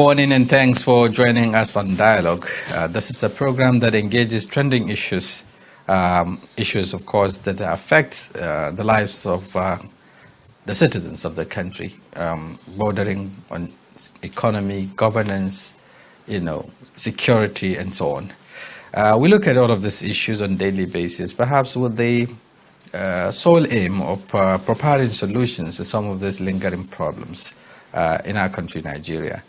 Morning and thanks for joining us on Dialogue. Uh, this is a program that engages trending issues, um, issues of course that affect uh, the lives of uh, the citizens of the country, um, bordering on economy, governance, you know, security, and so on. Uh, we look at all of these issues on daily basis, perhaps with the uh, sole aim of uh, preparing solutions to some of these lingering problems in our country, Nigeria.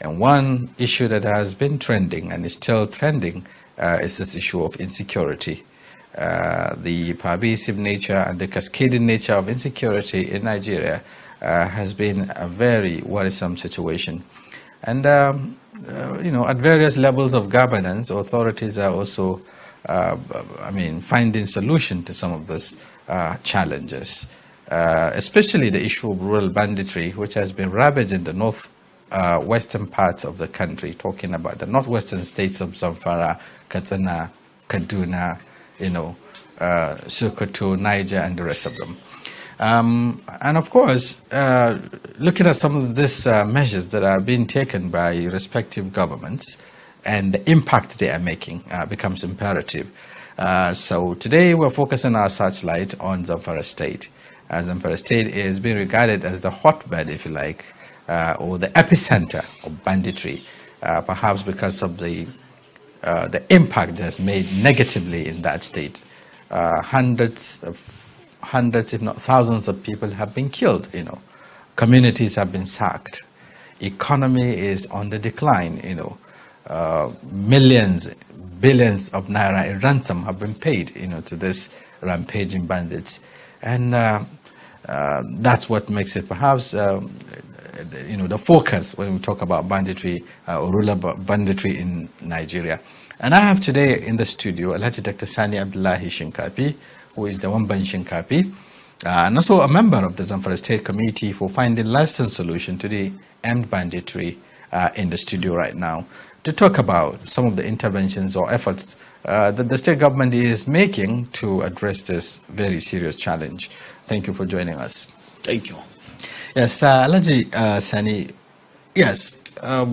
And one issue that has been trending and is still trending uh, is this issue of insecurity. Uh, the pervasive nature and the cascading nature of insecurity in Nigeria uh, has been a very worrisome situation. And, um, uh, you know, at various levels of governance, authorities are also, uh, I mean, finding solution to some of these uh, challenges, especially the issue of rural banditry, which has been ravaging the north uh, western parts of the country, talking about the northwestern states of Zamfara, Katsina, Kaduna, you know, uh, Sokoto, Niger, and the rest of them. Um, and of course, uh, looking at some of these uh, measures that are being taken by respective governments and the impact they are making uh, becomes imperative. Uh, so today we're focusing our searchlight on Zamfara State. As uh, Zamfara State is being regarded as the hotbed, if you like, uh, or the epicenter of banditry, uh, perhaps because of the, uh, the impact that's made negatively in that state. Uh, hundreds of hundreds, if not thousands of people have been killed, you know. Communities have been sacked. Economy is on the decline, you know. Uh, millions, billions of naira in ransom have been paid, you know, to these rampaging bandits. And uh, uh, that's what makes it perhaps um, you know, the focus when we talk about banditry uh, or ruler banditry in Nigeria. And I have today in the studio Alhaji Dr. Sani Abdullahi Shinkapi, who is the Wamban Shinkapi, uh, and also a member of the Zamfara State Committee for finding lasting solution to the end banditry uh, in the studio right now to talk about some of the interventions or efforts uh, that the state government is making to address this very serious challenge. Thank you for joining us. Thank you. Yes, uh, Alaji uh, Sani, yes, uh,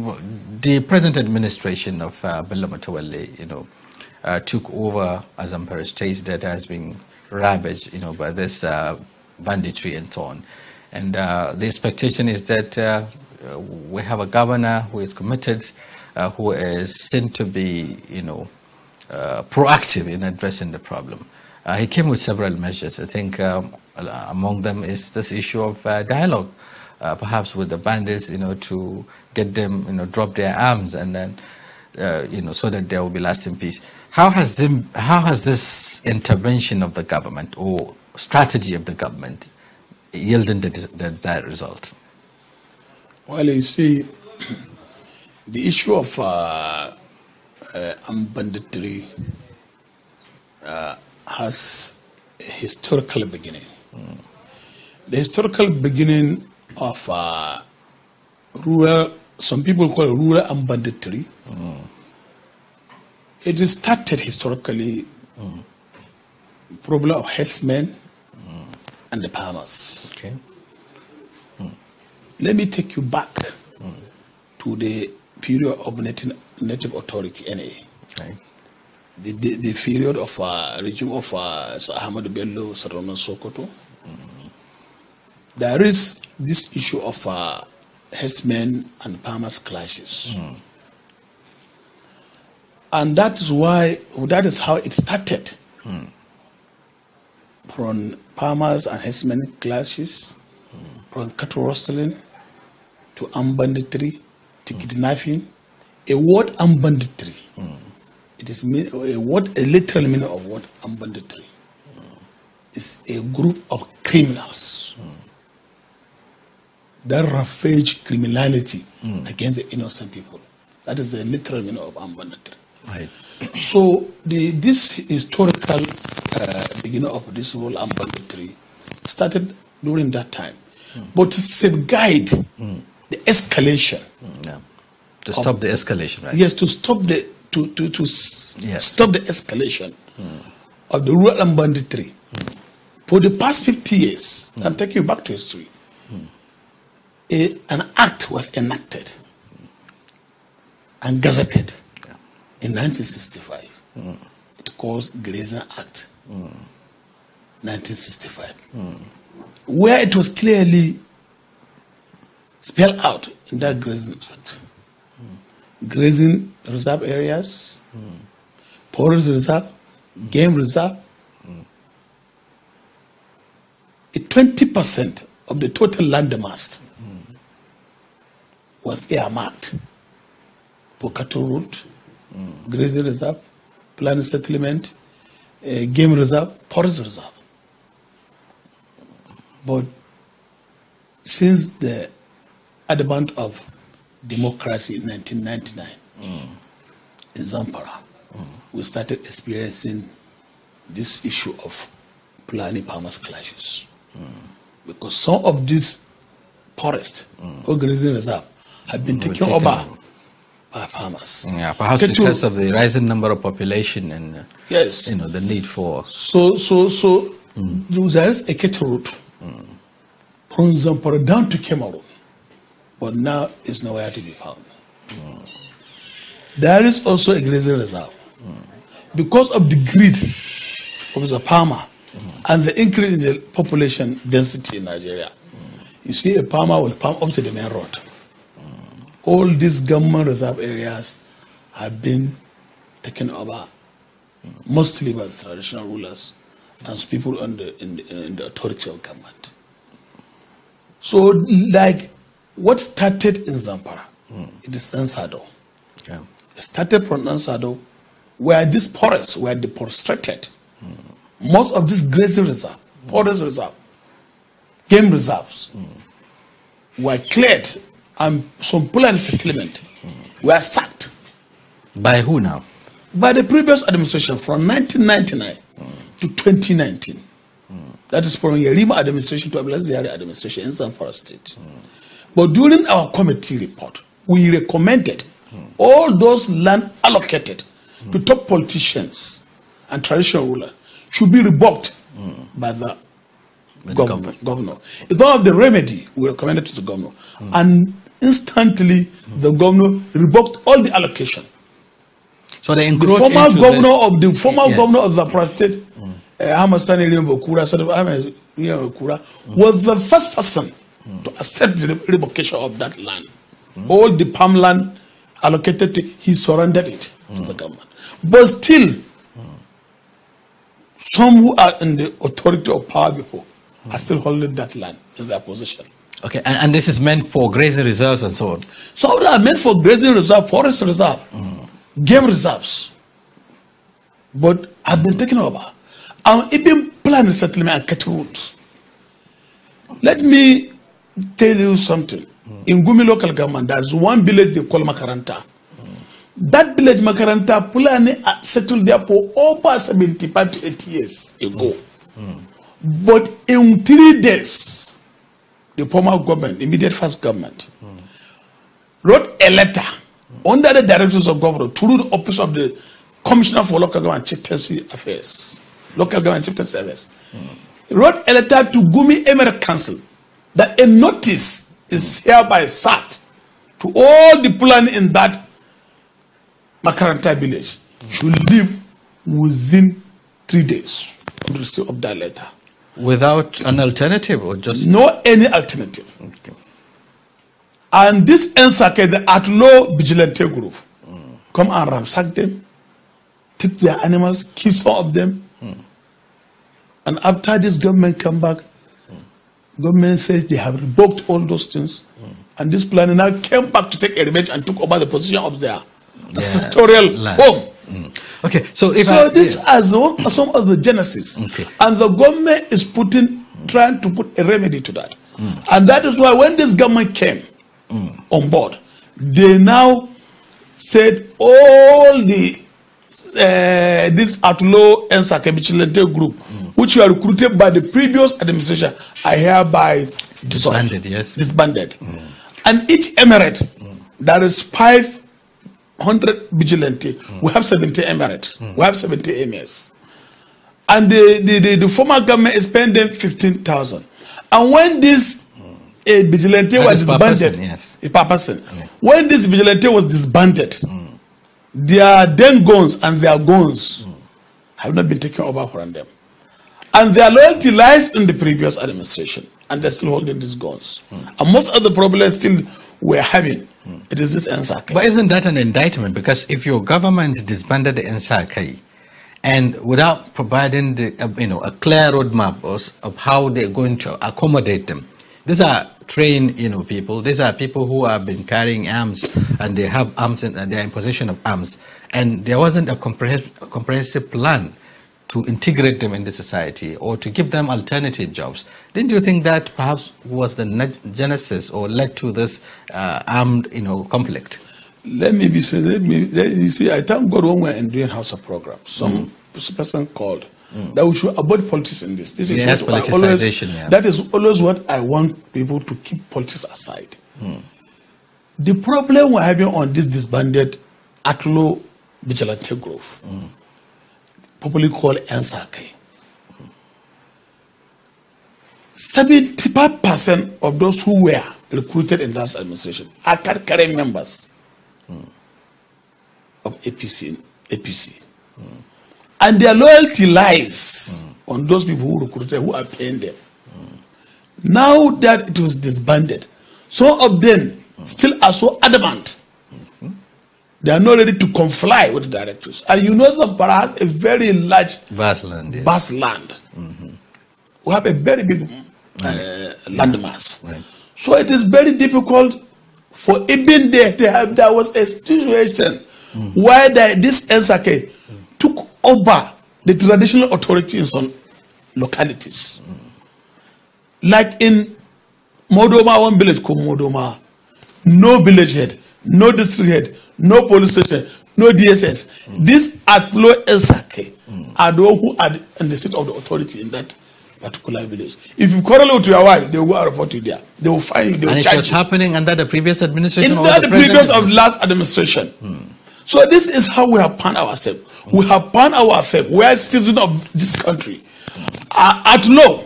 the present administration of uh, Bello Matawale, you know, uh, took over Azampara state that has been ravaged, you know, by this uh, banditry and so on. And uh, the expectation is that uh, we have a governor who is committed, who is seen to be, you know, proactive in addressing the problem. Uh, he came with several measures. I think um, uh, among them is this issue of uh, dialogue, uh, perhaps with the bandits, you know, to get them, you know, drop their arms and then, uh, you know, so that there will be lasting peace. How has, how has this intervention of the government or strategy of the government yielded the, the result? Well, you see, the issue of uh, banditry uh, has a historical beginning. Mm. The historical beginning of uh, rural, some people call it rural and banditry, mm. it started historically mm. problem of herdsmen mm. and the Palmers. Okay. Let me take you back to the period of native, native authority, NA. Okay the, the, the period of uh, regime of uh, Ahmad Bello Sarana Sokoto, there is this issue of uh, and palmers clashes. Mm. And that is why, that is how it started mm. from palmers and herdsmen clashes, from cattle rustling to armed banditry to kidnapping, a word armed banditry it is mean, a, what, a literal meaning of what banditry. Mm. It's a group of criminals mm. that ravage criminality mm. against the innocent people. That is the literal meaning of banditry. Right. So the, this historical uh, beginning of this role banditry started during that time. But to guide mm. the escalation. Mm, yeah. To stop of, the escalation, right? Yes, to stop the to, to, to yes. stop the escalation mm. of the rural and banditry. Mm. For the past 50 years, mm. I'm hmm. taking you back to history, hmm. a, an act was enacted and gazetted yeah. in 1965. Hmm. It calls Glazer Act 1965, where it was clearly spelled out in that Grazing Act grazing reserve areas, mm. forest reserve, mm. game reserve. Mm. Twenty percent of the total land mass mm. was earmarked for cattle route, mm. grazing reserve, planned settlement, uh, game reserve, forest reserve. But since the advent of democracy in 1999 in Zamfara, we started experiencing this issue of planning farmers clashes. Because some of these forests or reserve have been taken, over by farmers. Yeah, perhaps Get because to, of the rising number of population and uh, yes, you know the need for so so so mm. there is a cattle route mm. from Zampara down to Cameroon but now it's nowhere to be found. Mm. There is also a grazing reserve. Mm. Because of the greed of the palmer mm. and the increase in the population density in Nigeria, you see a palmer will pump up to the main road. All these government reserve areas have been taken over, mostly by the traditional rulers and people under in, in the authority of government. So, like what started in Zampara, mm. it is Ansado. Yeah. It started from Ansado, where these forests were deforested. Mm. Most of these grazing reserve, mm. forest reserve, game reserves were cleared and some Pulan settlement were sacked. By who now? By the previous administration from 1999 to 2019. That is from Yerima administration to Abelazari administration in Zamfara state. But during our committee report, we recommended all those land allocated to top politicians and traditional rulers should be revoked by the governor. governor. It's one of the remedy we recommended to the governor. And instantly, the governor revoked all the allocation. So they the former governor this, of the former yes. governor of the State, mm. uh, Hamasani was the first person to accept the revocation of that land. All the palm land allocated to, he surrendered it to the government. But still, some who are in the authority of power before are still holding that land in their possession. Okay, and, and, this is meant for grazing reserves and so on. So they are meant for grazing reserve, forest reserve, mm. game reserves. But I've been taken over. i even planning settlement and cut roots. Let me tell you something. Mm. In Gumi local government, there's one village they call Makaranta. Mm. That village, Makaranta, Pulani uh, settled there for over 75 to 80 years ago. Mm. But in three days, the former government, immediate first government, wrote a letter under the directions of government through the office of the commissioner for local government chieftaincy affairs, local government chieftaincy affairs, wrote a letter to Gumi Emirate Council that a notice is hereby sent to all the plan in that Makaranta village should leave within three days of receipt of that letter. Without an alternative or just? No any alternative. Okay. And this NSAC, the low vigilante group, mm. come and ransack them, take their animals, kill some of them. Mm. And after this government come back, Government says they have revoked all those things, mm. and this plan now came back to take a revenge and took over the position of their yeah. Land. home. Mm. Okay, so if so, I, this is as well, some of the genesis, okay. and the government is putting trying to put a remedy to that, mm. and that is why when this government came mm. on board, they now said all the Eh, this Atulo and Sakebichilente group, which were recruited by the previous administration, are hereby disbanded. yes. Disbanded. Mm. And each emirate, mm. there is 500 vigilante. Mm. We have 70 emirates. Mm. We have 70 emirs. And the, the, the, the, former government is paying them 15,000. And when this vigilante was disbanded, person, yes. a person, yeah. when this vigilante was disbanded, their then guns and their guns hmm. have not been taken over from them. And their loyalty lies in the previous administration. And they're still holding these guns. Mm. And most of the problems still we're having, mm. it is this NSAK. But isn't that an indictment? Because if your government disbanded the NSAK and without providing the, uh, you know, a clear roadmap of, of how they're going to accommodate them, these are train you know people these are people who have been carrying arms and they have arms and they are in possession of arms and there wasn't a comprehensive plan to integrate them in the society or to give them alternative jobs didn't you think that perhaps was the genesis or led to this uh, armed you know conflict let me be said let me let you see i thank god when we're doing house of program some mm person called that we should avoid politics in this. This is yes, politicization. Always, yeah. That is always what I want people to keep politics aside. Mm. The problem we're having on this disbanded Atlo Vigilante Group, mm. popularly called NSAK, 75% of those who were recruited in that administration are current members of APC. APC. Mm. And their loyalty lies mm. on those people who recruited, who are paying them. Mm. Now that it was disbanded, some of them mm. still are so adamant. -hmm. They are not ready to comply with the directives. And you know that Para has a very large vast land. Yeah. Vast land. -hmm. We have a very big uh, landmass. Right. So it is very difficult for even there, there, there was a situation mm. where the, this NSAK mm. took over the traditional authority in some localities. Like in Modoma, one village called Modoma, no village head, no district head, no police station, no DSS. Mm. These are low Elsake mm. are those who are in the seat of the authority in that particular village. If you quarrel with your wife, they will go report you there. They will find you. They will and it was you. happening under the previous administration. Under the, the previous of last administration. Mm. So this is how we have planned ourselves. We have planned ourselves. We are citizens of this country at law.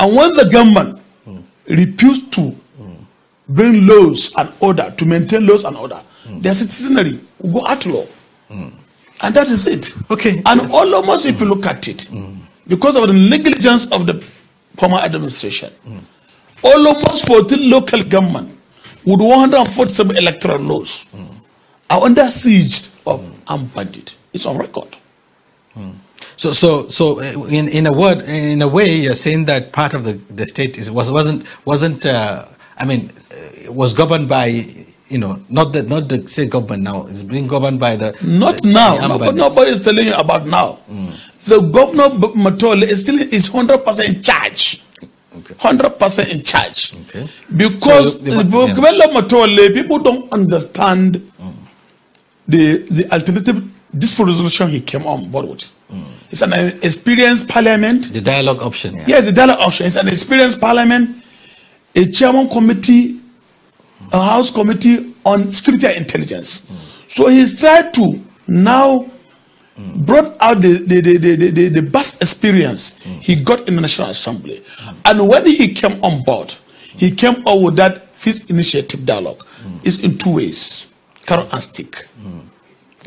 And when the government refused to bring laws and order, to maintain laws and order, their citizenry will go at law. And that is it. Okay. And all almost if you look at it, because of the negligence of the former administration, almost 14 local government with 147 electoral laws are under siege of armed bandits. It's on record. Mm. So, so, so uh, in, in a word, in a way, you're saying that part of the, the state is, was, wasn't, wasn't uh, I mean, uh, was governed by, you know, not the, not the state government now. It's being governed by the... Not the, now. but nobody is telling you about now. Mm. The governor, Matole, is still is 100% in charge. 100% in charge. Okay. Because so, the, people don't understand mm the, the alternative this resolution he came on board with. Mm. It's an experienced parliament. The dialogue option. Yeah. Yes, the dialogue option. It's an experienced parliament, a chairman committee, a house committee on security and intelligence. Mm. So he's tried to now mm. brought out the, the, the, the, the, the best experience hmm. he got in the National Assembly. And when he came on board, he came up with that fifth initiative dialogue. Hmm. It's in two ways carrot and stick. Mm.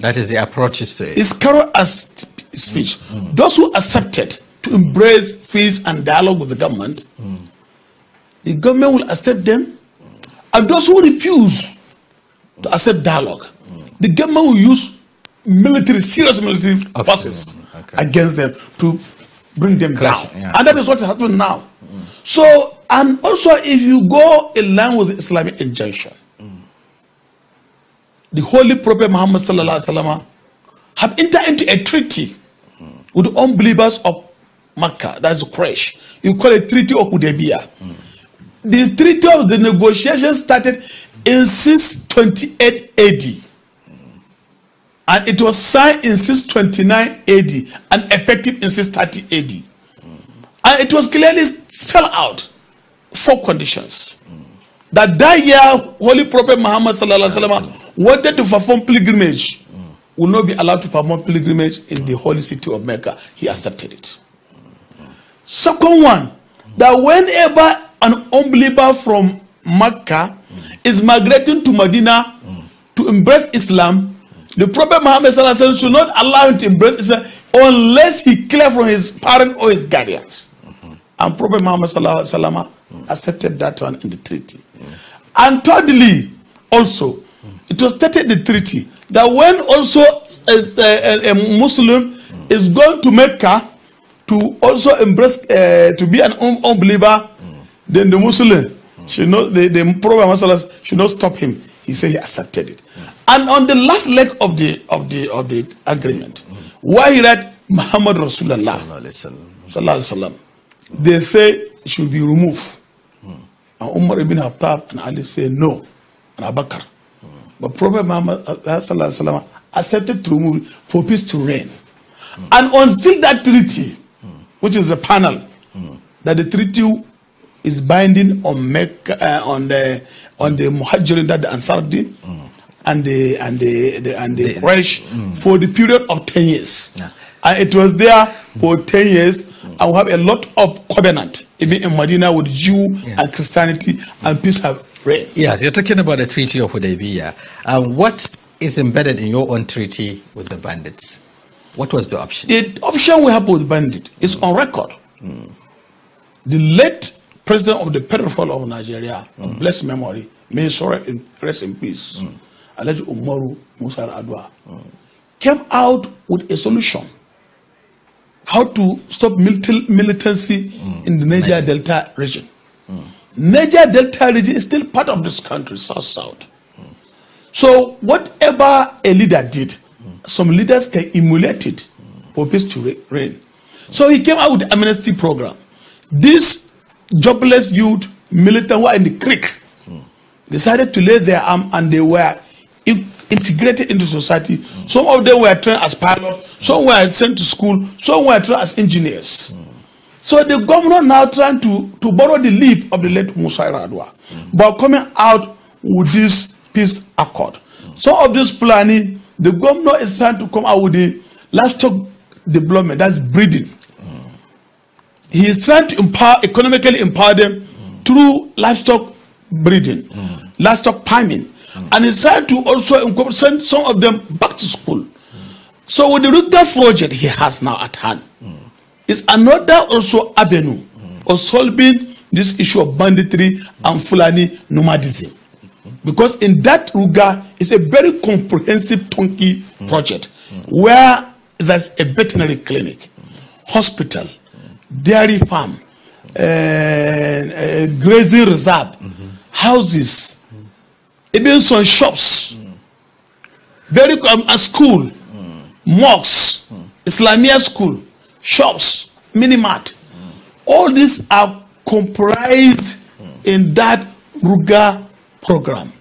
That is the approaches to it. It's carrot and speech. Mm. Those who accepted to embrace peace and dialogue with the government, the government will accept them. And those who refuse to accept dialogue, the government will use military, serious military forces okay. against them to bring them Clash, down. Yeah. And that is what happened now. Mm. So, and also if you go in line with Islamic injunction, the Holy Prophet Muhammad Wasallam have entered into a treaty with the unbelievers of Makkah, that's Quraysh. You call it Treaty of Hudaybiyah. Mm. The treaty of the negotiation started in 628 AD. And it was signed in 629 AD and effective in 630 AD. And it was clearly spelled out four conditions that that year Holy Prophet Muhammad sallam, wanted to perform pilgrimage will not be allowed to perform pilgrimage in the holy city of Mecca. He accepted it. Second one, that whenever an unbeliever from Mecca is migrating to Medina to embrace Islam, the Prophet Muhammad sallam, should not allow him to embrace Islam unless he clear from his parents or his guardians. And Prophet Muhammad sallallahu accepted that one in the treaty. And thirdly, also, it was stated in the treaty that when also a, a, a Muslim is going to Mecca to also embrace, uh, to be an un unbeliever, then the Muslim should not, the, the Prophet should not stop him. He said he accepted it. And on the last leg of the of the of the agreement, why he read Muhammad Rasulullah, they say should be removed. And Umar ibn Khattab and Ali say no. And Abakar. But Prophet Muhammad uh, uh, accepted to remove for peace to reign. Mm. And until that treaty, mm. which is a panel, mm. that the treaty is binding on Mecca, uh, on the on the Muhajirin, that the Ansar did, and the and the, the and the, the Quraysh mm. for the period of ten years. Yeah. And it was there for ten years. I will have a lot of covenant even in Medina with Jew yeah. and Christianity and peace have reigned. Yes, you're talking about the Treaty of Hudaybiyah. Um, what is embedded in your own treaty with the bandits? What was the option? The option we have with bandit is mm. on record. Mm. The late president of the Federal of Nigeria, mm. memory, may in, rest in peace, mm. Alhaji Umaru Musa Adwa, mm. came out with a solution how to stop militancy mm. in the Niger, Delta region. Mm. Niger Delta region is still part of this country, South South. Mm. So whatever a leader did, some leaders can emulate it for peace to reign. So he came out with amnesty program. These jobless youth, militant were in the creek, decided to lay their arm and they were integrated into society. Some of them were trained as pilots, some were sent to school, some were trained as engineers. So the governor now trying to, to borrow the leap of the late Musa Iradua, but coming out with this peace accord. Some of this planning, the governor is trying to come out with the livestock development, that's breeding. He is trying to empower, economically empower them through livestock breeding, livestock farming. Mm. And he's trying to also send some of them back to school. So with the Rutger project he has now at hand mm. is another also avenue mm. of solving this issue of banditry and Fulani nomadism. Mm-hmm. Because in that Ruga is a very comprehensive Tonki project where there's a veterinary clinic, hospital, dairy farm, uh, uh, grazing reserve, mm -hmm. houses, even some shops, very um, a school, mosques, Islamic school, shops, mart, All these are comprised in that Ruga program.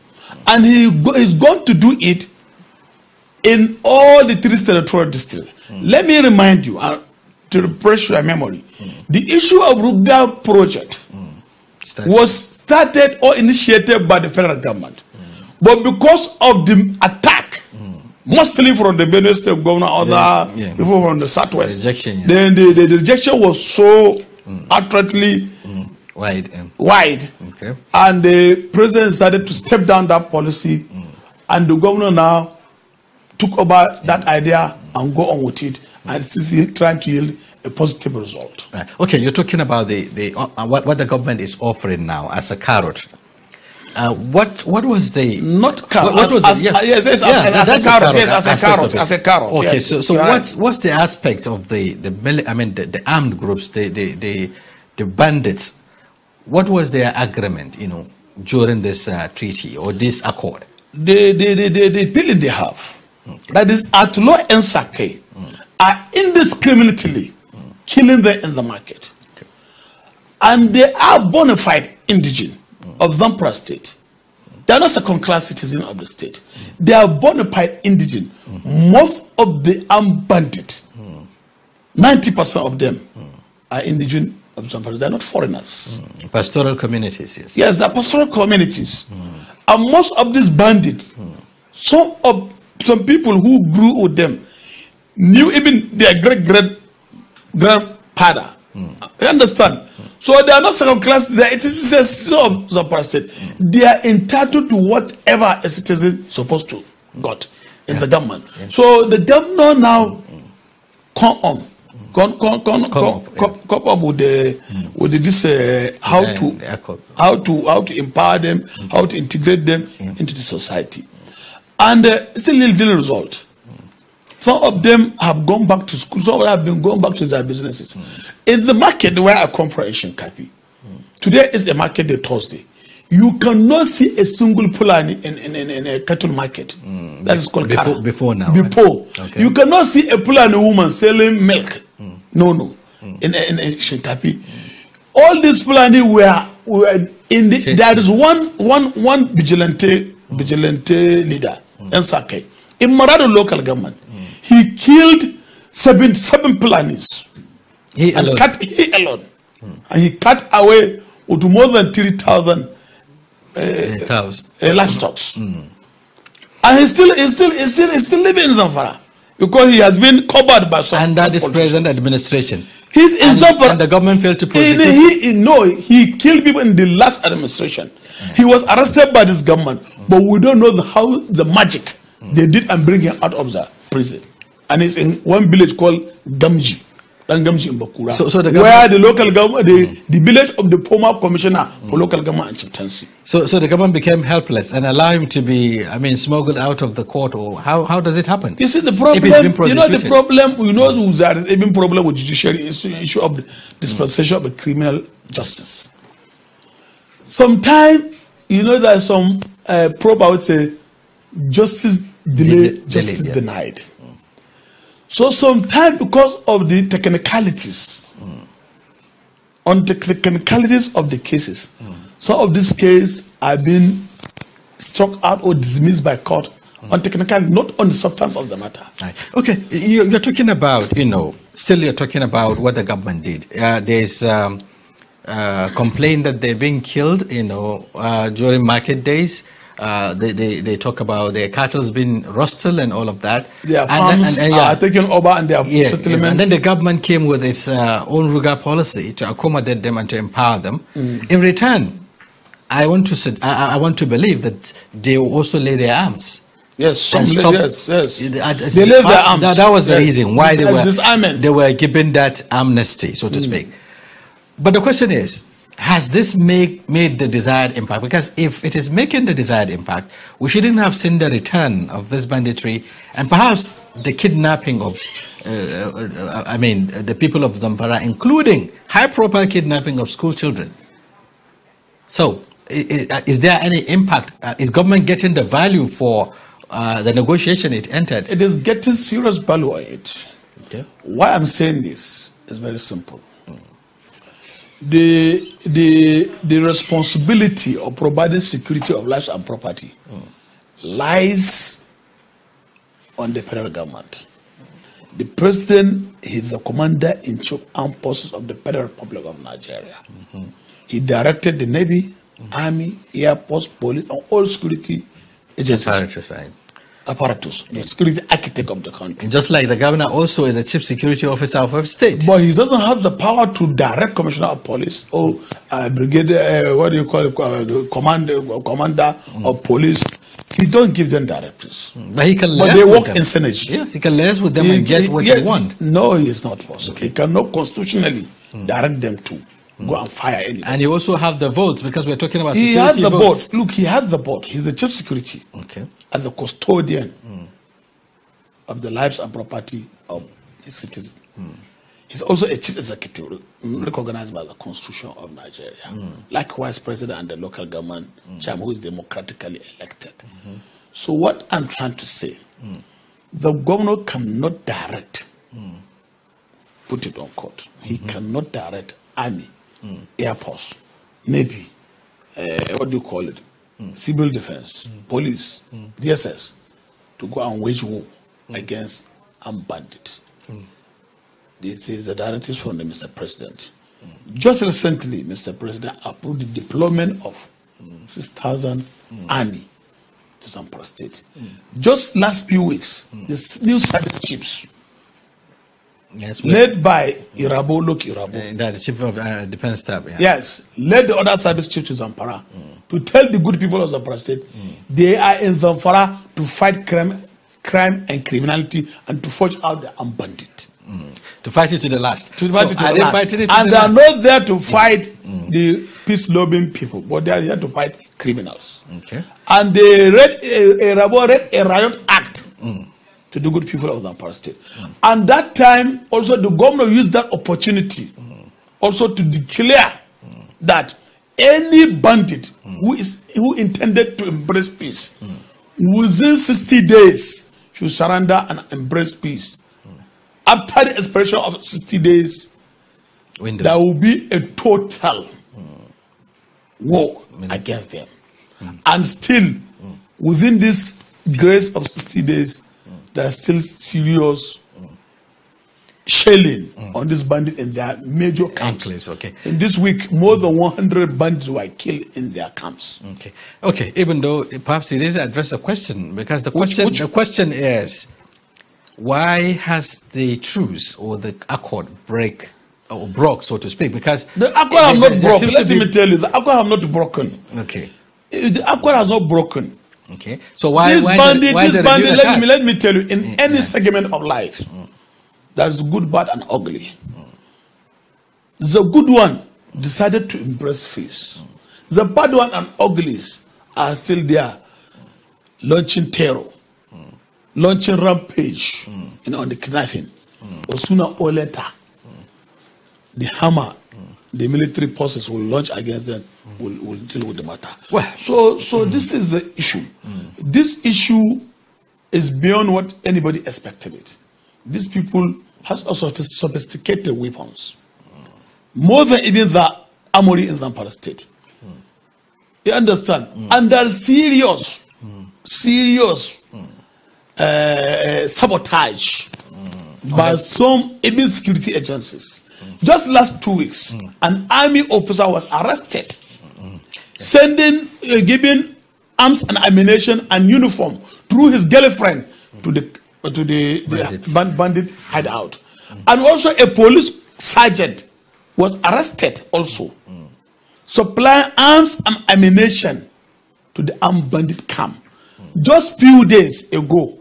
And he is going to do it in all the three territorial districts. Let me remind you, uh, to refresh your memory, the issue of Ruga project hmm. was started or initiated by the federal government. But because of the attack, mm. mostly from the Benue State governor, other yeah, yeah. people from the Southwest, the rejection, yeah. then the, the, the, rejection was so mm. mm. wide. wide. Okay. And the president decided to step down that policy, mm. and the governor now took over that idea and go on with it and is trying to yield a positive result. Right. Okay, you're talking about the, the uh, what, what the government is offering now as a carrot uh, what what was the not carrot? What, what as, was Yes, yes, yeah, as, as, as, a carrot, Yes, as a carrot. As a carrot. Okay, yes, so so what's right. what's the aspect of the the I mean the, the armed groups, the, the the the bandits? What was their agreement? You know, during this uh, treaty or this accord? The the the the, the feeling they have okay. that is at and Sake mm. are indiscriminately mm. killing them in the market, okay. and they are bona fide indigenous of Zampara state. They are not second class citizens of the state. They are bonafide indigent. Most of the armed bandits, 90% of them are indigent of Zampara. They are not foreigners. Hmm. Pastoral communities, yes. Yes, they are pastoral communities. Hmm. And most of these bandits, hmm. some of some people who grew with them knew even their great great grandfather. Mm. You understand? So they are not second class. It is a sub state. They are entitled to whatever a citizen supposed to got in yeah. the government. Yeah. So the governor now come on. Come, come, come, come, come, up, come, yeah. with the with this uh, how yeah, to how to how to empower them, mm. how to integrate them yeah. into the society, and uh, it's a little, little result. Mm. Some of them have gone back to school. Some of them have been going back to their businesses. Mm. the market where I come from, Asian Kapi. Mm. Today is a market day, Thursday. You cannot see a single puller in, in, in, in a cattle market. Mm. That is called before, Kara. before now. Before. Eh? Okay. You cannot see a a woman selling milk. Hmm. No, no. Hmm. In, in, Shinkapi. All these Fulani were, were in the, there is one, one, one vigilante, vigilante leader, mm. Nsake, in Marado local government. He killed 77 plannings. He alone. Cut, he alone. Hmm. And he cut away with more than 3,000 uh, uh, livestock. Hmm. And he's still, he's still, he's still, he's still living in Zamfara because he has been covered by some. Under this present administration. He's in and, Zamfara. And the government failed to prosecute. He, he, no, he killed people in the last administration. He was arrested by this government, but we don't know the, how the magic they did and bring him out of the prison and it's in one village called Gamji. Gamji in Bakura, so, so the government, where the local government, the, mm. the village of the former commissioner for mm. local government and chieftaincy. So, so the government became helpless and allowed him to be, I mean, smuggled out of the court, or how, how does it happen? You see, the problem, you know, the problem, you know, mm. there is even problem with judiciary is the issue of the dispensation of the criminal justice. Sometimes, you know, there's some uh, probe, I would say, justice delayed, justice delayed, yeah. denied. So sometimes because of the technicalities, mm. on the technicalities of the cases, mm. some of these cases are being struck out or dismissed by court mm. on technicality, not on the substance of the matter. Right. Okay, you, are talking about, you know, still you're talking about what the government did. Uh, there's um, uh, complaint that they've been killed, you know, uh, during market days. Uh, they, they, they talk about their cattle's been rustled and all of that. Their and, palms and, and, yeah. are taken over and their yeah, settlements. Yes. And then the government came with its uh, own Ruga policy to accommodate them and to empower them. Mm. In return, I want to I, I, want to believe that they also lay their arms. Yes, some stop, yes, yes. Uh, they laid their arms. That, that was yes. the reason why they were they were given that amnesty, so to mm. speak. But the question is has this make, made the desired impact? Because if it is making the desired impact, we shouldn't have seen the return of this banditry and perhaps the kidnapping of, uh, uh I mean, the people of Zamfara, including high-profile kidnapping of school children. So, is there any impact? Uh, is government getting the value for uh, the negotiation it entered? It is getting serious value on it. Okay. Why I'm saying this is very simple the the the responsibility of providing security of lives and property mm. lies on the federal government. The president is the commander in chief armed forces of the Federal Republic of Nigeria. Mm -hmm. He directed the navy, army, air force, police, and all security agencies. Right apparatus, the security architect of the country. Just like the governor also is a chief security officer of a state. But he doesn't have the power to direct commissioner of police or uh, brigade, uh, what do you call it, uh, command, uh, commander mm. of police. He don't give them directives. Mm, but he can But they work them. in synergy. Yeah, he can liaise with them he, and get he, what yes, he want. No, it's not possible. Okay. He cannot constitutionally mm. direct them to go and fire anybody. And you also have the votes because we're talking about He has the votes. board. Look, he has the board. He's the chief security. Okay. And the custodian mm. of the lives and property of his citizens. Mm. He's also a chief executive recognized by the constitution of Nigeria. Mm. Likewise, president and the local government chairman who is democratically elected. -hmm. So what I'm trying to say, the governor cannot direct, put it on court, he cannot direct army mm. air force, navy, uh, what do you call it? Mm. Civil defense, mm. police, mm. DSS, to go and wage war mm. against armed bandits. Mm. This is the directives from the Mr. President. Just recently, Mr. President approved the deployment of 6,000 army to Zamfara State. Just last few weeks, this new service chiefs Yes, led by Irabo Look Irabo. Uh, that the chief of uh, defense staff. Yeah. Yes, led the other service chief to Zampara mm. to tell the good people of Zampara state mm. they are in Zampara to fight crime, crime and criminality and to forge out the armed bandit. Mm. To fight it to the last. To fight so it to the last. it to and the they last? are not there to mm. fight yeah. Mm. the peace loving people, but they are there to fight criminals. Okay. And they read a, a, a, read a riot act. Mm to the good people of Empire state. Mm. And that time, also the governor used that opportunity mm. also to declare mm. that any bandit who is who intended to embrace peace within 60 days should surrender and embrace peace. After the expiration of 60 days, Window. there will be a total war against them. And still, within this grace of 60 days, there's still serious shelling mm. on these bandits in their major camps. Enclaves, okay. In this week, more than 100 bandits were killed in their camps. Okay. Okay. Even though perhaps you didn't address the question, because the question which, which, the question is, why has the truce or the accord break or broke, so to speak? Because the accord has not broken. Let be... me tell you, the accord has not broken. Okay. The accord has not broken. Okay. So why this why bandit, the, why this bandit, let me, let me tell you, in mm, any segment of life, mm. there is good, bad, and ugly. Mm. The good one decided to impress face. Mm. The bad one and uglies are still there, launching terror, launching rampage, and mm. on the knife. Or sooner or later, the hammer the military forces will launch against them, will, will deal with the matter. Well, so, so mm. this is the issue. Mm. This issue is beyond what anybody expected it. These people has also sophisticated weapons, more than even the armory in Zampara state. Mm. You understand? Under serious, serious uh, uh, sabotage by some even security agencies. Just last two weeks, an army officer was arrested, sending, uh, giving arms and ammunition and uniform through his girlfriend to the to the, the bandit hideout. And also a police sergeant was arrested also, supplying arms and ammunition to the armed bandit camp. Just few days ago,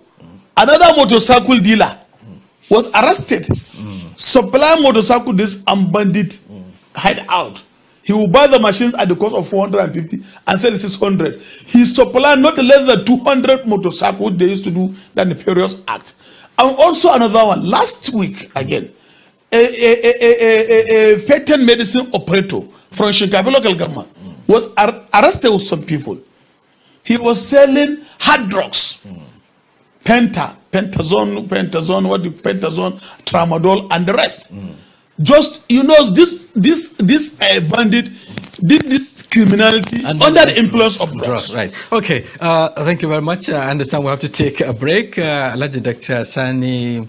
another motorcycle dealer was arrested supply motorcycle this and bandit mm. hide out. He will buy the machines at the cost of 450 and sell 600. He supplied not less than 200 motorcycles they used to do the nefarious act. And also another one, last week again, a, a, a, a, a, a patent medicine operator from Chicago local government was ar arrested with some people. He was selling hard drugs, mm. penta, pentazone, pentazone, what do pentazone, tramadol, and the rest. Mm. Just you know, this this this uh, bandit did this criminality and under the influence of drugs. drugs. Right. Okay. Uh, thank you very much. Uh, I understand we have to take a break. Uh, Alhaji Dr. Sani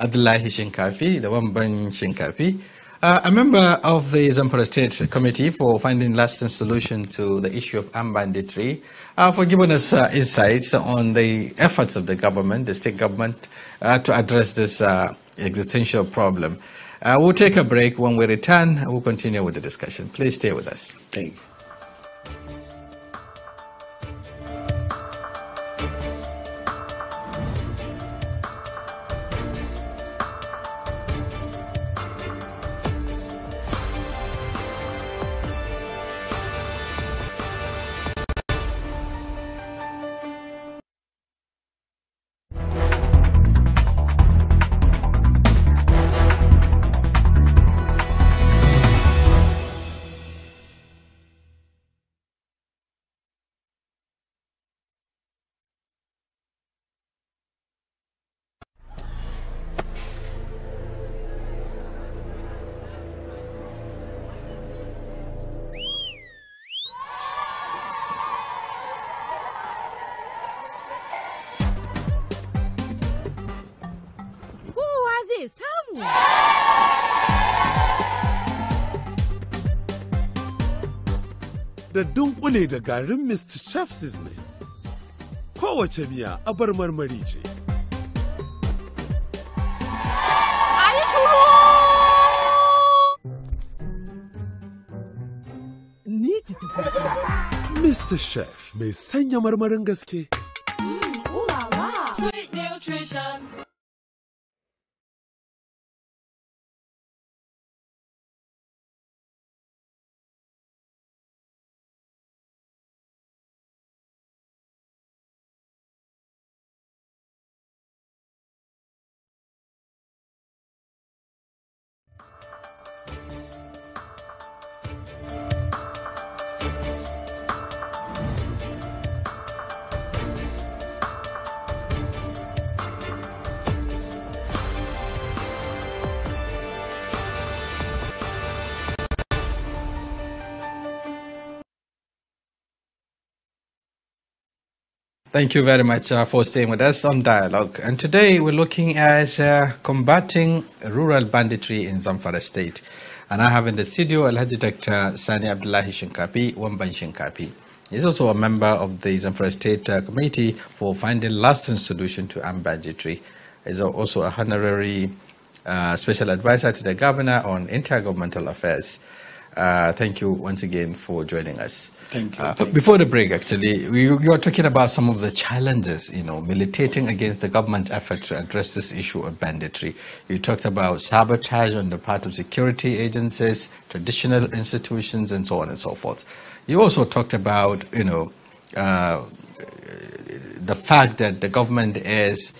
Abdullahi Shinkafi, the one Wamban Shinkafi. Uh, a member of the Zamfara State Committee for finding lasting solution to the issue of armed banditry uh, for giving us uh, insights on the efforts of the government, the state government, uh, to address this uh, existential problem. Uh, we'll take a break. When we return, we'll continue with the discussion. Please stay with us. Thank you. da dunkule da garin Mr. Chef's ne. Kowace miya abar marmari ce. Ayi shuru! Ni Mr. Chef mai sanya marmarin gaske. Thank you very much uh, for staying with us on Dialogue. And today we're looking at uh, combating rural banditry in Zamfara State. And I have in the studio Alhaji Dr. Sani Abdullahi Shinkapi, Wamban Shinkapi. He's also a member of the Zamfara State uh, Committee for Finding Lasting Solution to Armed Banditry. He's also a honorary uh, special advisor to the governor on intergovernmental affairs. Uh, thank you once again for joining us. Thank you. Uh, thank before you. the break, actually, we, you were talking about some of the challenges, you know, militating against the government effort to address this issue of banditry. You talked about sabotage on the part of security agencies, traditional institutions, and so on and so forth. You also talked about, you know, uh, the fact that the government is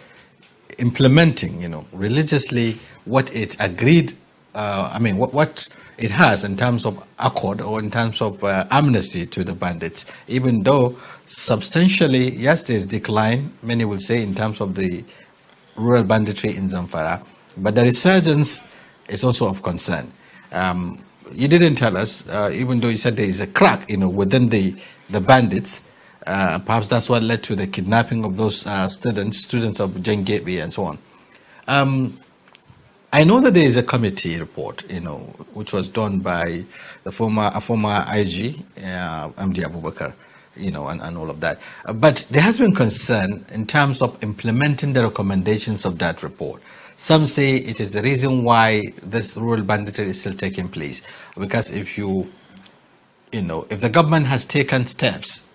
implementing, you know, religiously what it agreed, uh, I mean, what, what it has in terms of accord or in terms of uh, amnesty to the bandits, even though substantially, yes, there's decline, many will say, in terms of the rural banditry in Zamfara, but the resurgence is also of concern. Um, you didn't tell us, uh, even though you said there is a crack, you know, within the, the bandits, uh, perhaps that's what led to the kidnapping of those uh, students, students of Jengebe and so on. Um, I know that there is a committee report, you know, which was done by the former a former IG, uh, MD Abubakar, you know, and, and all of that. but there has been concern in terms of implementing the recommendations of that report. Some say it is the reason why this rural banditry is still taking place, because if you, you know, if the government has taken steps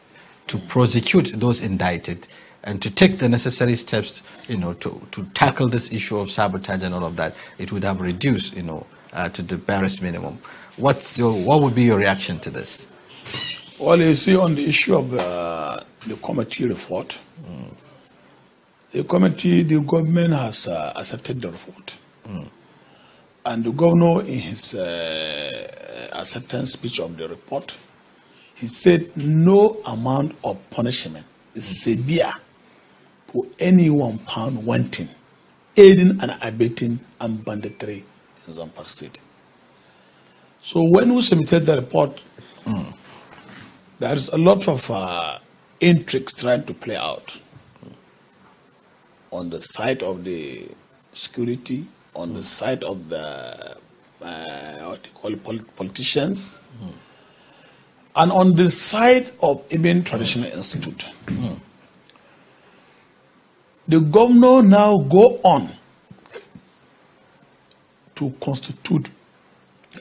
to prosecute those indicted, and to take the necessary steps, you know, to, to tackle this issue of sabotage and all of that, it would have reduced, you know, uh, to the barest minimum. What's your, what would be your reaction to this? Well, you see, on the issue of uh, the committee report, mm. the committee, the government has uh, accepted the report. Mm. And the governor, in his uh, acceptance speech of the report, he said no amount of punishment is hmm. severe for anyone pound wanting, aiding and abetting and banditry in Zamfara State. So when we submitted the report, mm. there is a lot of uh, intrigues trying to play out mm. on the side of the security, on mm. the hmm. side of the uh, what you call polit politicians, hmm. and on the side of even traditional hmm. institute the governor now go on to constitute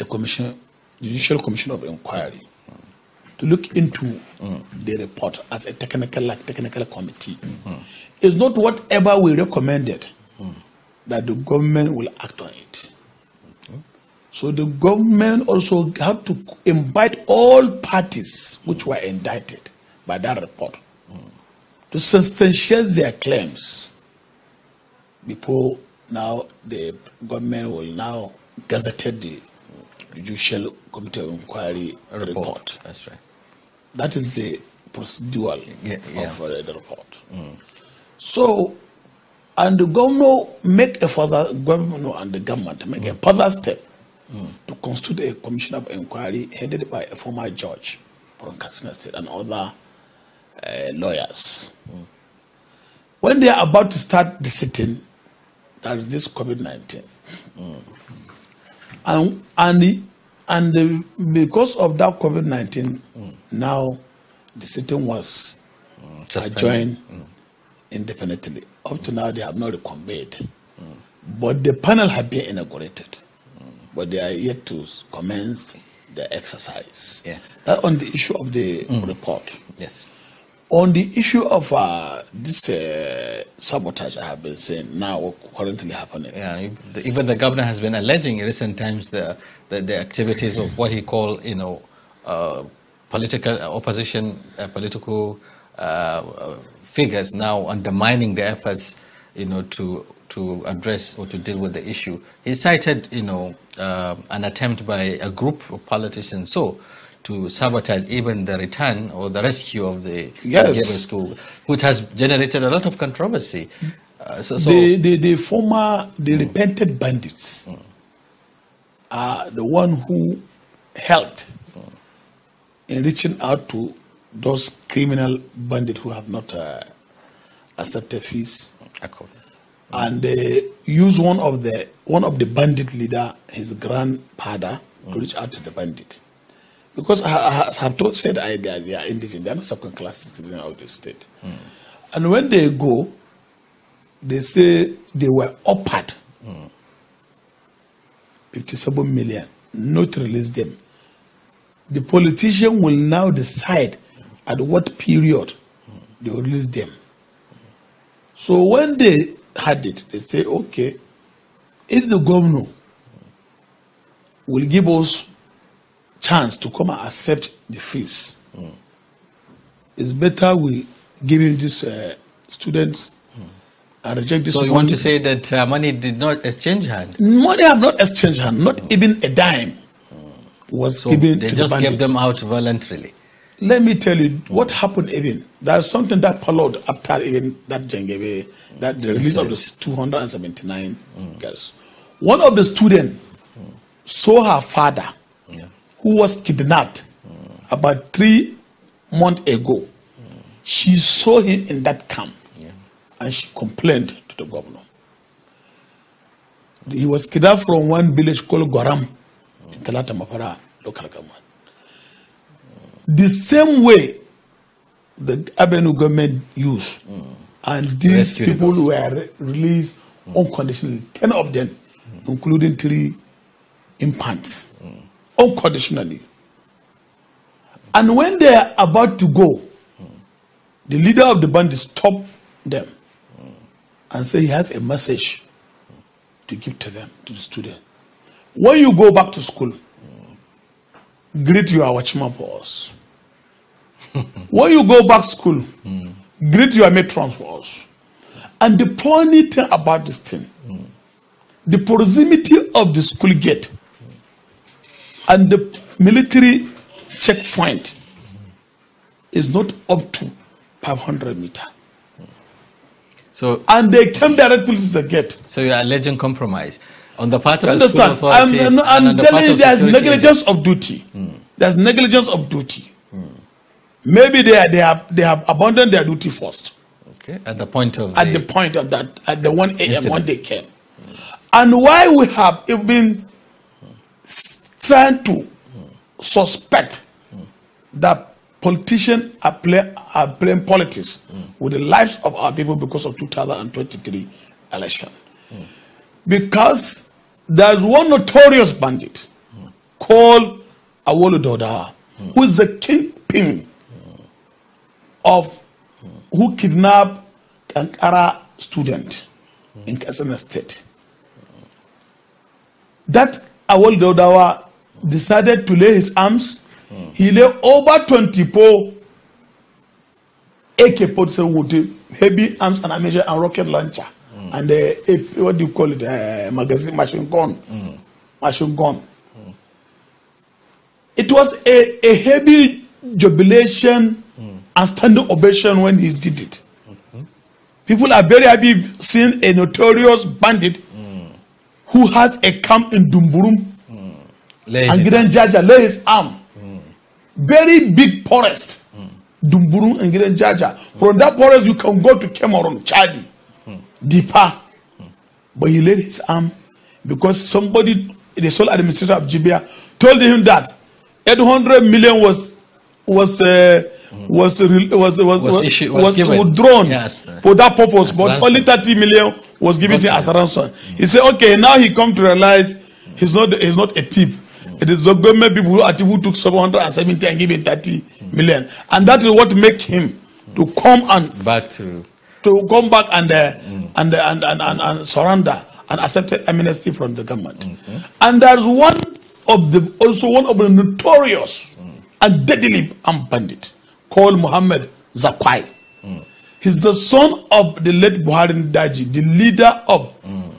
a commission, judicial commission of inquiry to look into mm. the report as a technical like technical committee. Mm. It's not whatever we recommended mm. that the government will act on it. So the government also had to invite all parties which were indicted by that report to substantiate their claims before now the government will now gazette the judicial committee of inquiry report. report. That's right. That is the procedural yeah, yeah. of uh, the report. Mm. So, and the governor make a further governor and the government make mm. a further step mm. to constitute a commission of inquiry headed by a former judge from Katsina State and other uh, lawyers. Mm. When they are about to start the sitting, there is this COVID 19. Mm. And, and, and because of that COVID 19, mm. now the sitting was adjourned mm. independently. Up to now, they have not convened, But the panel had been inaugurated, but they are yet to commence the exercise. Yeah. That on the issue of the mm. report. Yes. On the issue of uh, this uh, sabotage, I have been saying now currently happening. Yeah, even the governor has been alleging in recent times the, the, the activities of what he called, you know, uh, political opposition, uh, political uh, uh, figures now undermining the efforts, you know, to to address or to deal with the issue. He cited, you know, um, an attempt by a group of politicians. So to sabotage even the return or the rescue of the yes. school, which has generated a lot of controversy. Uh, so, so the, the, the, former, the mm. repented bandits mm. are the one who helped mm. in reaching out to those criminal bandits who have not uh, accepted fees. Accord. And they uh, use one of the one of the bandit leader, his grandfather, to reach out to the bandit because I, have told, said I, they, are, they are indigenous, they are not second class citizens of the state. Mm. And when they go, they say they were offered mm. 57 million, not release them. The politician will now decide at what period hmm. they will release them. So when they had it, they say, okay, if the governor will give us chance to come and accept the fees. Mm. It's better we give him this uh, students mm. and reject this. So you want to say that uh, money did not exchange hand? Money have not exchanged hand. Not mm. even a dime was so given. They to just the gave them out voluntarily. Let me tell you what happened. Even there's something that followed after even that Jengebe, that the release of the 279 girls. One of the students saw her father who was kidnapped about three months ago, she saw him in that camp yeah. and she complained to the governor. He was kidnapped from one village called Goram in Talata Mapara local government. The same way the Abenu government used, mm. and these people were released mm. unconditionally, 10 of them, mm. including three infants. Mm unconditionally. And when they are about to go, the leader of the band stops them and say he has a message to give to them, to the student. When you go back to school, greet your watchman for us. when you go back to school, greet your matron for us. And the funny thing about this thing, the proximity of the school gate and the military checkpoint is not up to 500 meter. So and they came directly to the gate. So you are alleging compromise on the part of you understand? the I'm, I'm, I'm telling the you, there's negligence, of duty. There's negligence of duty. Maybe they are, they have they have abandoned their duty first. Okay, at the point of at the, the point of that at the one a.m. when they came, and why we have even. Hmm trying to suspect that politicians are, play, are playing politics with the lives of our people because of 2023 election. Because there's one notorious bandit called Awolu Doda, who is the kingpin of who kidnapped Ankara student in Katsina State. That Awol Dodawa decided to lay his arms, mm. he lay over twenty-four AK-47 with heavy arms and ammunition and rocket launcher mm. and uh, what do you call it, uh, magazine machine gun, mm. machine gun. Hmm. It was a, a heavy jubilation hmm. and standing ovation when he did it. -hmm. People are very happy seeing a notorious bandit hmm. who has a camp in Dumburum and Gideon jaja lay his arm very big forest dumburu and gidan jaja from that forest you can go to cameroon chadi deeper but he laid his arm because somebody the sole administrator of Jibia told him that 800 million was was uh, mm. was, was was was issue, was, was withdrawn yes. for that purpose, as but ransom. only 30 million was given okay. to as ransom. Mm. He said, okay, now he come to realize he's not he's not a thief. It is the government people who who took 770 and gave him 30 million. And that is what make him to come and back to to come back and uh, mm. and, uh, and, and, and and surrender and accept amnesty from the government. Mm-hmm. And there's one of the also one of the notorious mm. and deadly armed bandit called Muhammad Zakwai. Mm. He's the son of the late Buhari Daji, the leader of mm.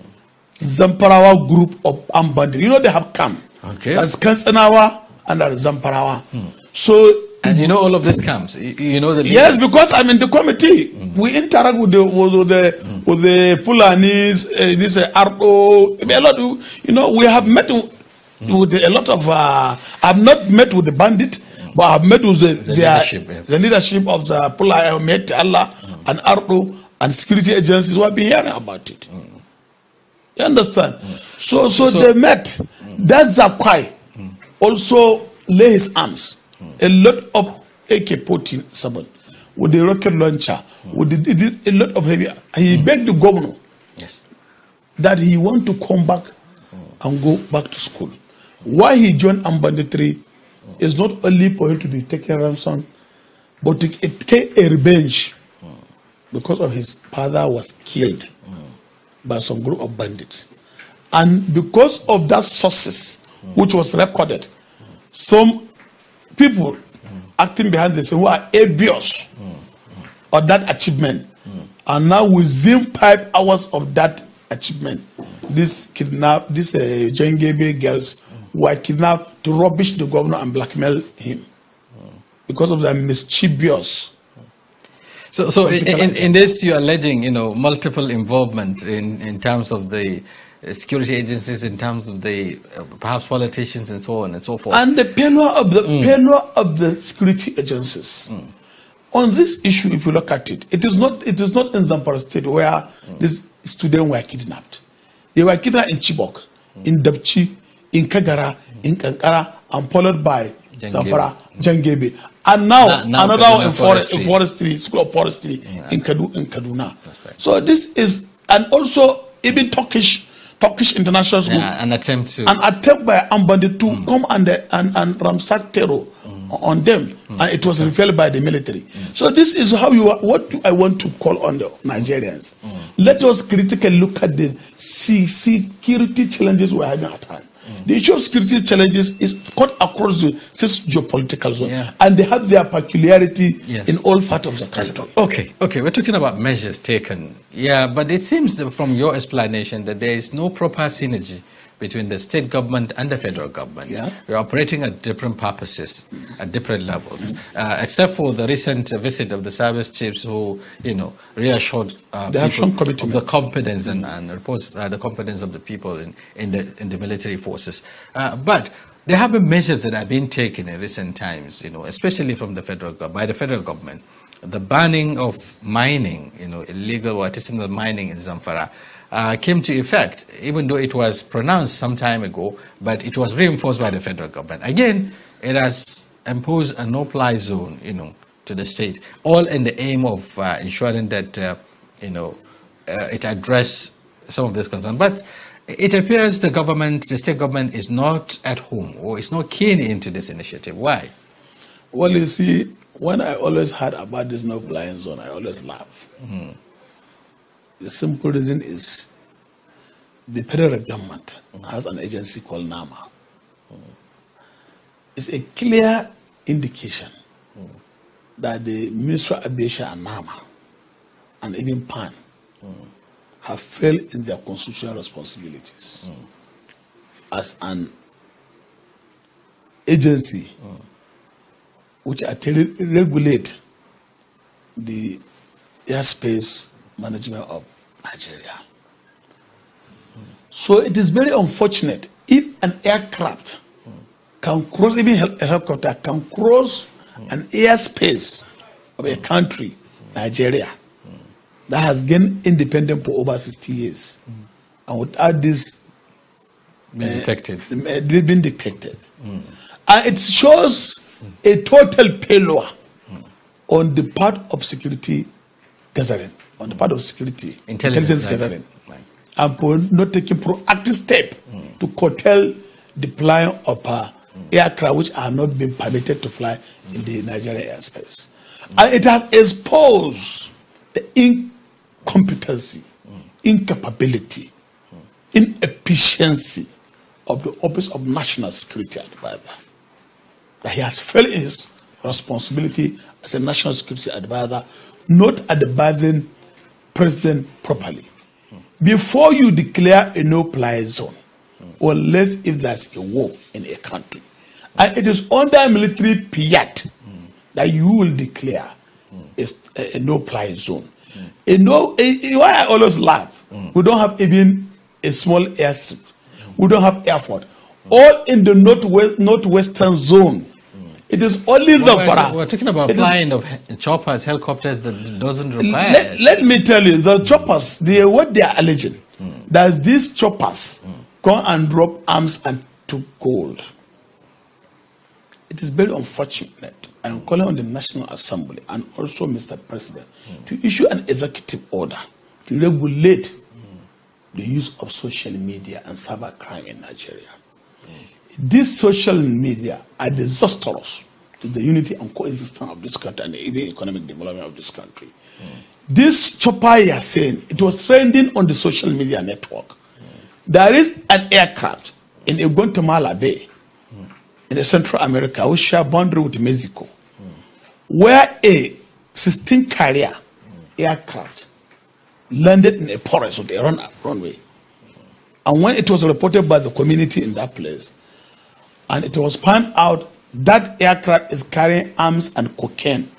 Zamparawa group of armed You know they have come Okay. That's Kansanawa and that is Zamparawa. Hmm. So and you know all of this comes. You know the leaders. yes, because I'm in the committee. Mm. We interact with the with the mm. with the Fulanis, uh, eh, this uh, eh, Arto. A lot. Of, you know, we have met with, mm. with a lot of. Uh, I've not met with the bandit, hmm. but I've met with the, the, leadership, yeah. the leadership of the Pula Met Allah hmm. and Arto and security agencies. We've been hearing about it. Hmm. You understand? Mm. So, so, so, they met. Mm. That Zakwai mm. also lay his arms. Mm. A lot of AK-47 with the rocket launcher, with the, it is a lot of heavy. He hmm. begged the governor yes. that he want to come back and go back to school. Why he joined Ambanditry is not only for him to be taken ransom, but it came a revenge hmm. because of his father was killed. by some group of bandits. And because of that success, which was recorded, some people acting behind the scene who are abuse of that achievement and now within five hours of that achievement this kidnap this uh, jengebe girls were kidnapped to rubbish the governor and blackmail him because of their mischievous So, so in, in, this, you're alleging, you know, multiple involvement in, in terms of the uh, security agencies, in terms of the uh, perhaps politicians and so on and so forth. And the failure of the mm. of the security agencies. Mm. On this issue, if you look at it, it is not it is not in Zamfara State where mm. these students were kidnapped. They were kidnapped in Chibok, mm. in Dapchi, in Kagara, in Kankara, and followed by Jangebe. Zamfara, Jangebe and now, now, now another in, forest, in forestry, school of forestry yeah. in, Kadu, in Kaduna. Right. So this is, and also even Turkish, Turkish international school. Yeah, an attempt to. An attempt by Ambandi to mm. come and, and, and ransack terror mm. on them. Mm. And it was repelled by the military. Mm. So this is how you, are, what do I want to call on the Nigerians. Mm. Let us critically look at the security challenges we're having at hand. The issue of security challenges is cut across the six geopolitical zones, yeah. and they have their peculiarity yes. in all parts of the country. Okay, okay, we're talking about measures taken. Yeah, but it seems from your explanation that there is no proper synergy between the state government and the federal government. Yeah. We're operating at different purposes, at different levels, uh, except for the recent visit of the service chiefs who, you know, reassured uh, they have some commitment. the confidence and, and reports uh, the confidence of the people in, in, the, in the military forces. Uh, but there have been measures that have been taken in recent times, you know, especially from the federal by the federal government. The banning of mining, you know, illegal or artisanal mining in Zamfara, uh, came to effect, even though it was pronounced some time ago, but it was reinforced by the federal government. Again, it has imposed a no-fly zone, you know, to the state, all in the aim of uh, ensuring that, uh, you know, uh, it address some of these concerns. But it appears the government, the state government, is not at home or is not keen into this initiative. Why? Well, you see, when I always heard about this no-fly zone, I always laugh. Mm -hmm. The simple reason is the federal government has an agency called NAMA. It's a clear indication that the Minister of Aviation and NAMA and even PAN have failed in their constitutional responsibilities as an agency which regulate the airspace management of Nigeria. So it is very unfortunate if an aircraft can cross, even a helicopter can cross an airspace of a country, Nigeria, that has gained independence for over 60 years. And without this being uh, eh, detected, eh, being detected. And it shows a total failure on the part of security gathering on the part of security, intelligence, gathering, right. and not taking proactive step to curtail the flying of aircraft which are not being permitted to fly in the Nigerian airspace. And it has exposed the incompetency, incapability, inefficiency of the Office of National Security Advisor. That he has failed his responsibility as a national security advisor, not advising president properly. Before you declare a no fly zone, or less if there's a war in a country, and it is under military piat that you will declare a, a no fly zone. A no, a, why I always laugh, we don't have even a small airstrip, we don't have airport. All in the northwest, northwestern zone, it is only well, Zamfara. We're talking about it flying is, of choppers, helicopters that doesn't require. Let, let, me tell you, the choppers, they, what they are alleging, mm. that these choppers mm. go and drop arms and took gold. It is very unfortunate. I'm calling on the National Assembly and also Mr. President mm. to issue an executive order to regulate hmm. the use of social media and cyber crime in Nigeria. These social media are disastrous to the unity and coexistence of this country and even economic development of this country. Mm. This chopper you are saying, it was trending on the social media network. Mm. There is an aircraft in a Guatemala Bay mm. in Central America which share boundary with Mexico, where a 16 carrier aircraft landed in a forest with the run runway. And when it was reported by the community in that place, and it was found out that aircraft is carrying arms and cocaine.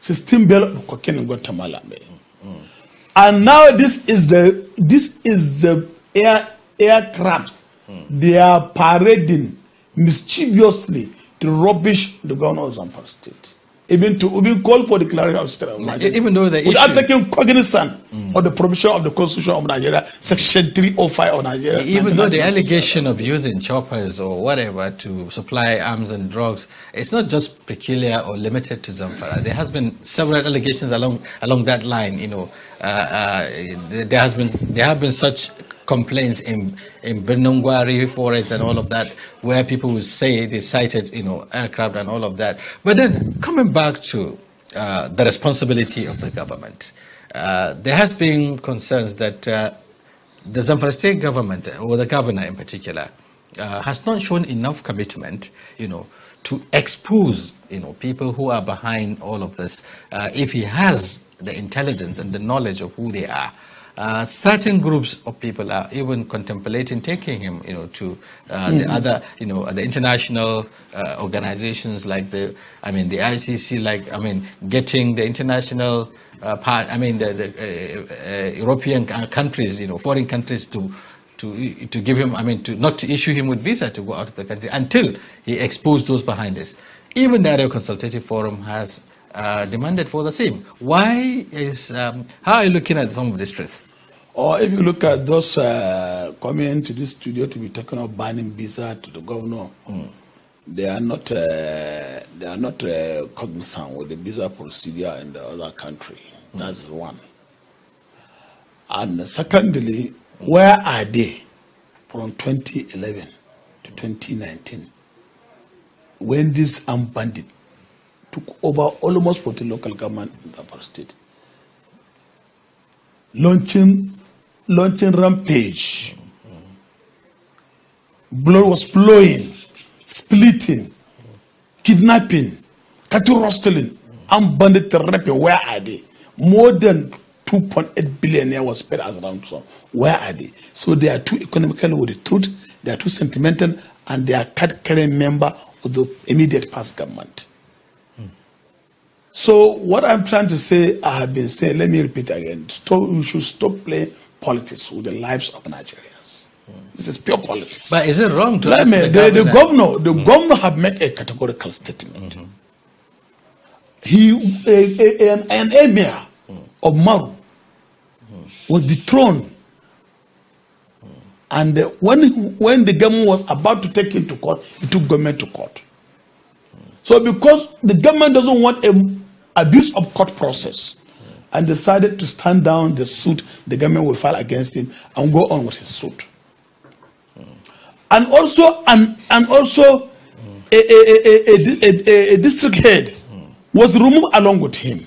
16 barrel of cocaine in Guatemala. Mm. And now this is the this is the air aircraft mm. they are parading mischievously to rubbish the governor of Zamfara State. even to even call for declaration of state of emergency. Even though the without taking cognizance mm. of the provision of the Constitution of Nigeria, Section 305 of Nigeria. Even though the allegation of using choppers or whatever to supply arms and drugs, it's not just peculiar or limited to Zamfara. There has been several allegations along along that line. You know, uh, uh, there has been there have been such complaints in in Benungwari forest and all of that, where people would say they sighted you know aircraft and all of that. But then coming back to uh, the responsibility of the government, uh, there has been concerns that uh, the Zamfara state government or the governor in particular uh, has not shown enough commitment, you know, to expose you know people who are behind all of this. Uh, if he has the intelligence and the knowledge of who they are, uh, certain groups of people are even contemplating taking him, you know, to uh, the mm. other, you know, the international uh, organizations like the, I mean, the ICC, like, I mean, getting the international uh, part, I mean, the, the uh, uh, European countries, you know, foreign countries to, to, to give him, I mean, to not to issue him with visa to go out of the country until he exposed those behind us. Even the Area Consultative Forum has uh, demanded for the same. Why is, um, how are you looking at some of the stress? Or if you look at those uh, coming into this studio to be talking of banning visa to the governor, mm. they are not uh, they are not uh, cognizant with the visa procedure in the other country. Mm. That's one. And secondly, where are they from 2011 to 2019 when this armed bandit took over almost 40 local government in Zamfara state. Launching, launching rampage. Blood was flowing, splitting, kidnapping, cattle rustling, and bandit raping. Where are they? More than 2.8 billion was spent as ransom. Where are they? So they are too economically with the truth, they are too sentimental, and they are card carrying member of the immediate past government. So what I'm trying to say, I have been saying, let me repeat again. Stop, should stop playing politics with the lives of Nigerians. Mm. This is pure politics. But is it wrong to let ask me, the, the, governor? The governor, the mm. governor have made a categorical statement. Mm -hmm. He, a, a, an, an, emir mm. of Maru mm. was dethroned. Mm. And when, when the government was about to take him to court, he took government to court. So because the government doesn't want a abuse of court process and decided to stand down the suit the government will file against him and go on with his suit. And also, and, and also a a, a, a, a, district head was removed along with him.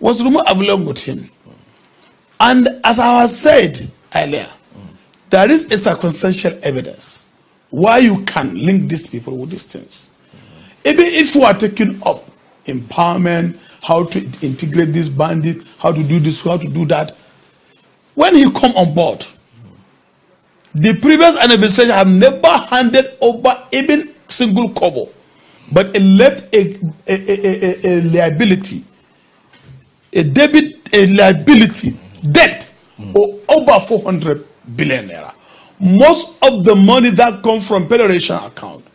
Was removed along with him. And as I was said earlier, there is a circumstantial evidence why you can link these people with these things. Even if we are taking up empowerment, how to integrate this bandit, how to do this, how to do that. When he come on board, the previous administration have never handed over even single kobo, but it left a, a, a, a, liability, a debit, a liability, debt mm. of over 400 billion naira. Most of the money that come from federation account,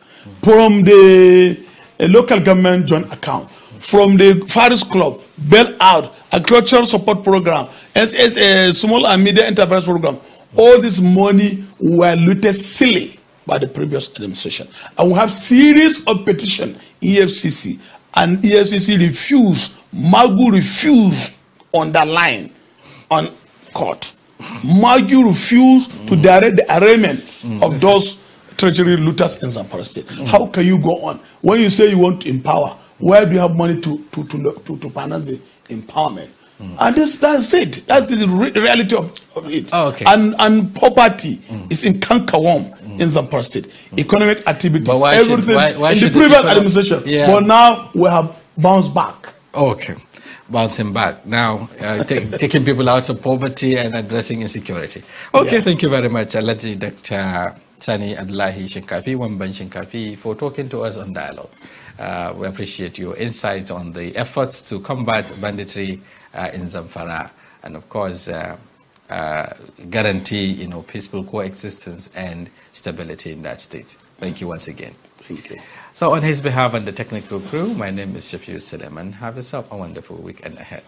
from the uh, local government joint account, from the Faris Club, bail Out, Agricultural Support Program, a Small and medium Enterprise Program. All this money were looted silly by the previous administration. And we have series of petition, EFCC, and EFCC refused, Magu refused on that line on court. Magu refused mm. to direct the arraignment mm. of those treasury looters in Zamfara State. Mm. How can you go on? When you say you want to empower, where do you have money to, to, to, to, to finance the empowerment? Mm. And this, that's it. That's the re reality of, of it. Oh, okay. And, and poverty mm. is in Kankawom, mm. in Zamfara State. Economic activities, everything should, why, why in the previous the administration. Yeah. But now we have bounced back. Okay. Bouncing back now, uh, taking people out of poverty and addressing insecurity. Okay, yeah. thank you very much, Alaji Dr. Sani Adlahi Shinkafi, Wamban Shinkafi, for talking to us on dialogue. Uh, we appreciate your insights on the efforts to combat banditry uh, in Zamfara and, of course, uh, uh, guarantee you know, peaceful coexistence and stability in that state. Thank you once again. Thank you. So on his behalf and the technical crew, my name is Shafiu Suleiman. Have yourself a wonderful weekend ahead.